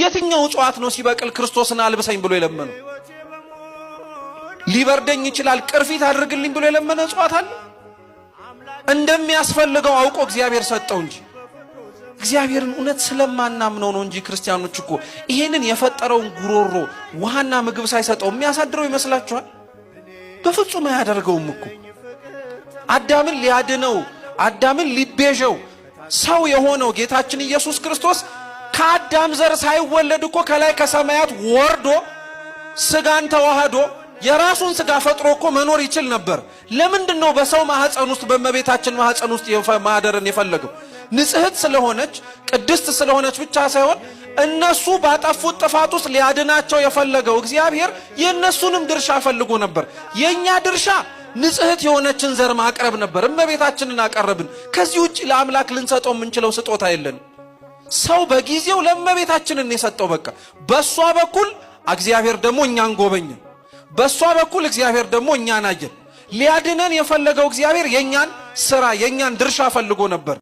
የትኛው እጽዋት ነው ሲበቅል ክርስቶስን አልብሰኝ ብሎ የለመነው? ሊበርደኝ ይችላል ቅርፊት አድርግልኝ ብሎ የለመነ እጽዋት አለ? እንደሚያስፈልገው አውቆ እግዚአብሔር ሰጠው እንጂ እግዚአብሔርን እውነት ስለማናምነው ነው እንጂ። ክርስቲያኖች እኮ ይሄንን የፈጠረውን ጉሮሮ ውሃና ምግብ ሳይሰጠው የሚያሳድረው ይመስላችኋል? በፍጹም አያደርገውም እኮ አዳምን ሊያድነው አዳምን ሊቤዠው ሰው የሆነው ጌታችን ኢየሱስ ክርስቶስ ከአዳም ዘር ሳይወለድ እኮ ከላይ ከሰማያት ወርዶ ስጋን ተዋህዶ የራሱን ስጋ ፈጥሮ እኮ መኖር ይችል ነበር። ለምንድን ነው በሰው ማህፀን ውስጥ በእመቤታችን ማህፀን ውስጥ ማደርን የፈለገው? ንጽሕት ስለሆነች ቅድስት ስለሆነች ብቻ ሳይሆን እነሱ ባጠፉት ጥፋት ውስጥ ሊያድናቸው የፈለገው እግዚአብሔር የእነሱንም ድርሻ ፈልጎ ነበር። የእኛ ድርሻ ንጽሕት የሆነችን ዘር ማቅረብ ነበር። እመቤታችንን አቀረብን። ከዚህ ውጭ ለአምላክ ልንሰጠው የምንችለው ስጦታ የለንም። ሰው በጊዜው ለእመቤታችንን የሰጠው በቃ በእሷ በኩል እግዚአብሔር ደግሞ እኛን ጎበኘ። በእሷ በኩል እግዚአብሔር ደግሞ እኛን አየን። ሊያድነን የፈለገው እግዚአብሔር የእኛን ስራ የእኛን ድርሻ ፈልጎ ነበር።